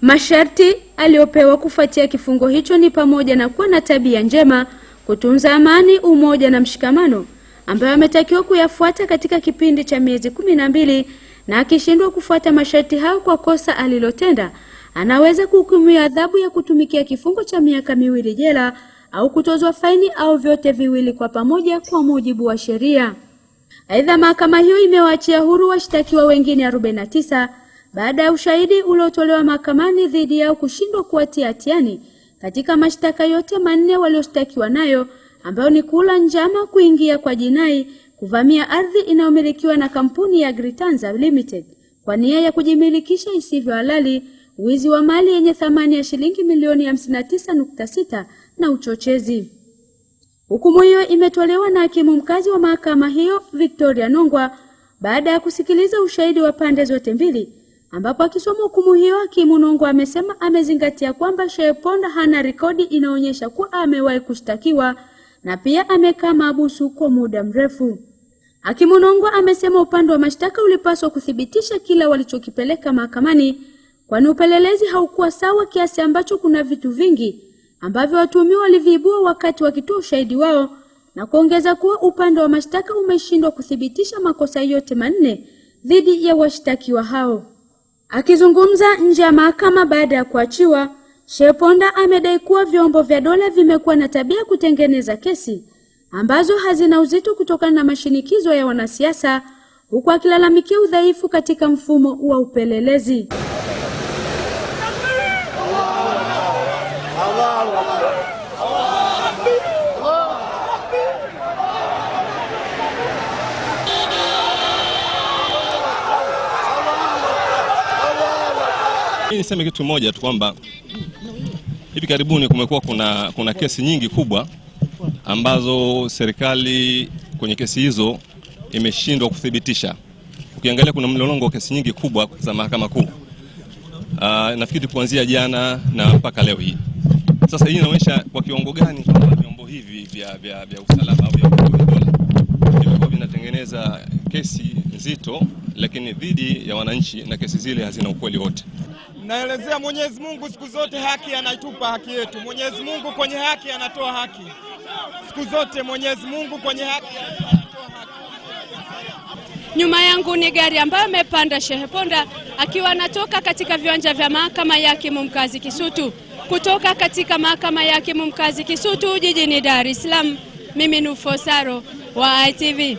Masharti aliyopewa kufuatia kifungo hicho ni pamoja na kuwa na tabia njema, kutunza amani, umoja na mshikamano ambayo ametakiwa kuyafuata katika kipindi cha miezi kumi na mbili na akishindwa kufuata masharti hayo kwa kosa alilotenda, anaweza kuhukumiwa adhabu ya kutumikia kifungo cha miaka miwili jela au kutozwa faini au vyote viwili kwa pamoja kwa mujibu wa sheria. Aidha, mahakama hiyo imewaachia huru washtakiwa wengine 49 baada ya ushahidi uliotolewa mahakamani dhidi yao kushindwa kuwatia hatiani katika mashtaka yote manne walioshtakiwa nayo ambayo ni kula njama, kuingia kwa jinai, kuvamia ardhi inayomilikiwa na kampuni ya Agritanza Limited kwa nia ya kujimilikisha isivyo halali, wizi wa mali yenye thamani ya shilingi milioni 59.6 na uchochezi. Hukumu hiyo imetolewa na hakimu mkazi wa mahakama hiyo Victoria Nongwa baada ya kusikiliza ushahidi wa pande zote mbili ambapo akisoma hukumu hiyo hakimu Nungu amesema amezingatia kwamba Sheikh Ponda hana rekodi inaonyesha kuwa amewahi kushtakiwa na pia amekaa mahabusu kwa muda mrefu. Hakimu Nungu amesema upande wa mashtaka ulipaswa kuthibitisha kila walichokipeleka mahakamani, kwani upelelezi haukuwa sawa kiasi ambacho kuna vitu vingi ambavyo watuhumiwa waliviibua wakati wakitoa ushahidi wao, na kuongeza kuwa upande wa mashtaka umeshindwa kuthibitisha makosa yote manne dhidi ya washtakiwa hao. Akizungumza nje ya mahakama baada ya kuachiwa, sheponda amedai kuwa vyombo vya dola vimekuwa na tabia kutengeneza kesi ambazo hazina uzito kutokana na mashinikizo ya wanasiasa huku akilalamikia udhaifu katika mfumo wa upelelezi. Mimi niseme kitu moja tu kwamba hivi karibuni kumekuwa kuna, kuna kesi nyingi kubwa ambazo serikali kwenye kesi hizo imeshindwa kuthibitisha. Ukiangalia kuna mlolongo wa kesi nyingi kubwa za mahakama kuu, ah, nafikiri kuanzia jana na mpaka leo hii. Sasa hii inaonyesha kwa kiwango gani kwamba vyombo hivi vya, vya, vya usalama au vya dola vilikuwa vinatengeneza kesi nzito lakini dhidi ya wananchi, na kesi zile hazina ukweli wote. Naelezea Mwenyezi Mungu siku zote haki anaitupa haki yetu. Mwenyezi Mungu kwenye haki anatoa haki siku zote. Mwenyezi Mungu kwenye haki Nyuma yangu ni gari ambayo amepanda Shehe Ponda akiwa anatoka katika viwanja vya mahakama ya hakimu mkazi Kisutu. Kutoka katika mahakama ya hakimu mkazi Kisutu jijini Dar es Salaam, mimi ni Ufosaro wa ITV.